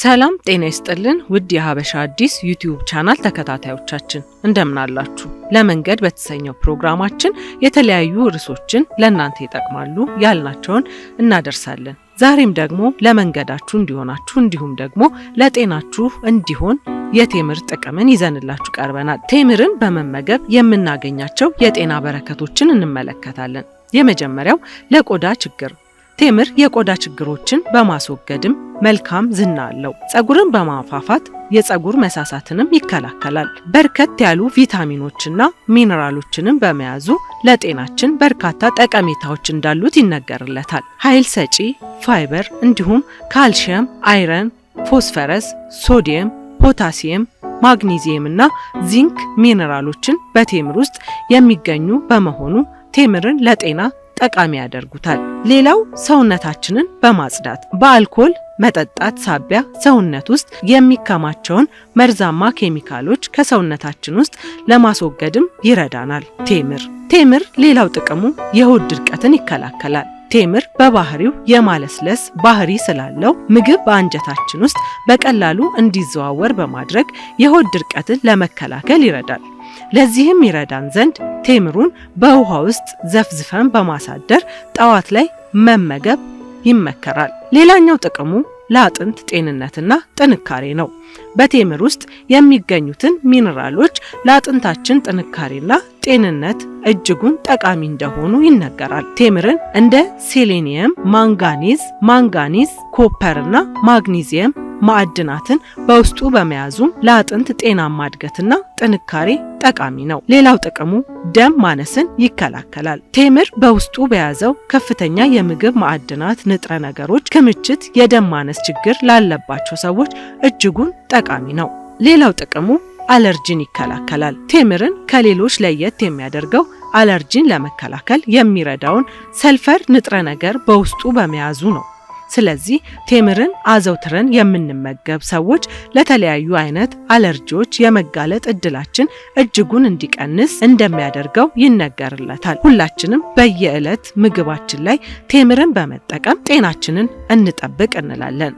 ሰላም ጤና ይስጥልን ውድ የሀበሻ አዲስ ዩቲዩብ ቻናል ተከታታዮቻችን እንደምን አላችሁ? ለመንገድ በተሰኘው ፕሮግራማችን የተለያዩ ርዕሶችን ለእናንተ ይጠቅማሉ ያልናቸውን እናደርሳለን። ዛሬም ደግሞ ለመንገዳችሁ እንዲሆናችሁ እንዲሁም ደግሞ ለጤናችሁ እንዲሆን የቴምር ጥቅምን ይዘንላችሁ ቀርበናል። ቴምርን በመመገብ የምናገኛቸው የጤና በረከቶችን እንመለከታለን። የመጀመሪያው ለቆዳ ችግር ቴምር የቆዳ ችግሮችን በማስወገድም መልካም ዝና አለው። ጸጉርን በማፋፋት የጸጉር መሳሳትንም ይከላከላል። በርከት ያሉ ቪታሚኖችና ሚነራሎችንም በመያዙ ለጤናችን በርካታ ጠቀሜታዎች እንዳሉት ይነገርለታል። ኃይል ሰጪ ፋይበር፣ እንዲሁም ካልሽየም፣ አይረን፣ ፎስፈረስ፣ ሶዲየም፣ ፖታሲየም ማግኒዚየም እና ዚንክ ሚነራሎችን በቴምር ውስጥ የሚገኙ በመሆኑ ቴምርን ለጤና ጠቃሚ ያደርጉታል። ሌላው ሰውነታችንን በማጽዳት በአልኮል መጠጣት ሳቢያ ሰውነት ውስጥ የሚከማቸውን መርዛማ ኬሚካሎች ከሰውነታችን ውስጥ ለማስወገድም ይረዳናል። ቴምር ቴምር ሌላው ጥቅሙ የሆድ ድርቀትን ይከላከላል። ቴምር በባህሪው የማለስለስ ባህሪ ስላለው ምግብ በአንጀታችን ውስጥ በቀላሉ እንዲዘዋወር በማድረግ የሆድ ድርቀትን ለመከላከል ይረዳል። ለዚህም ይረዳን ዘንድ ቴምሩን በውሃ ውስጥ ዘፍዝፈን በማሳደር ጠዋት ላይ መመገብ ይመከራል። ሌላኛው ጥቅሙ ለአጥንት ጤንነትና ጥንካሬ ነው። በቴምር ውስጥ የሚገኙትን ሚነራሎች ለአጥንታችን ጥንካሬና ጤንነት እጅጉን ጠቃሚ እንደሆኑ ይነገራል። ቴምርን እንደ ሴሌኒየም፣ ማንጋኒዝ ማንጋኒዝ፣ ኮፐርና ማግኒዚየም ማዕድናትን በውስጡ በመያዙም ለአጥንት ጤናማ እድገትና ጥንካሬ ጠቃሚ ነው። ሌላው ጥቅሙ ደም ማነስን ይከላከላል። ቴምር በውስጡ በያዘው ከፍተኛ የምግብ ማዕድናት ንጥረ ነገሮች ክምችት የደም ማነስ ችግር ላለባቸው ሰዎች እጅጉን ጠቃሚ ነው። ሌላው ጥቅሙ አለርጂን ይከላከላል። ቴምርን ከሌሎች ለየት የሚያደርገው አለርጂን ለመከላከል የሚረዳውን ሰልፈር ንጥረ ነገር በውስጡ በመያዙ ነው። ስለዚህ ቴምርን አዘውትረን የምንመገብ ሰዎች ለተለያዩ አይነት አለርጂዎች የመጋለጥ እድላችን እጅጉን እንዲቀንስ እንደሚያደርገው ይነገርለታል። ሁላችንም በየዕለት ምግባችን ላይ ቴምርን በመጠቀም ጤናችንን እንጠብቅ እንላለን።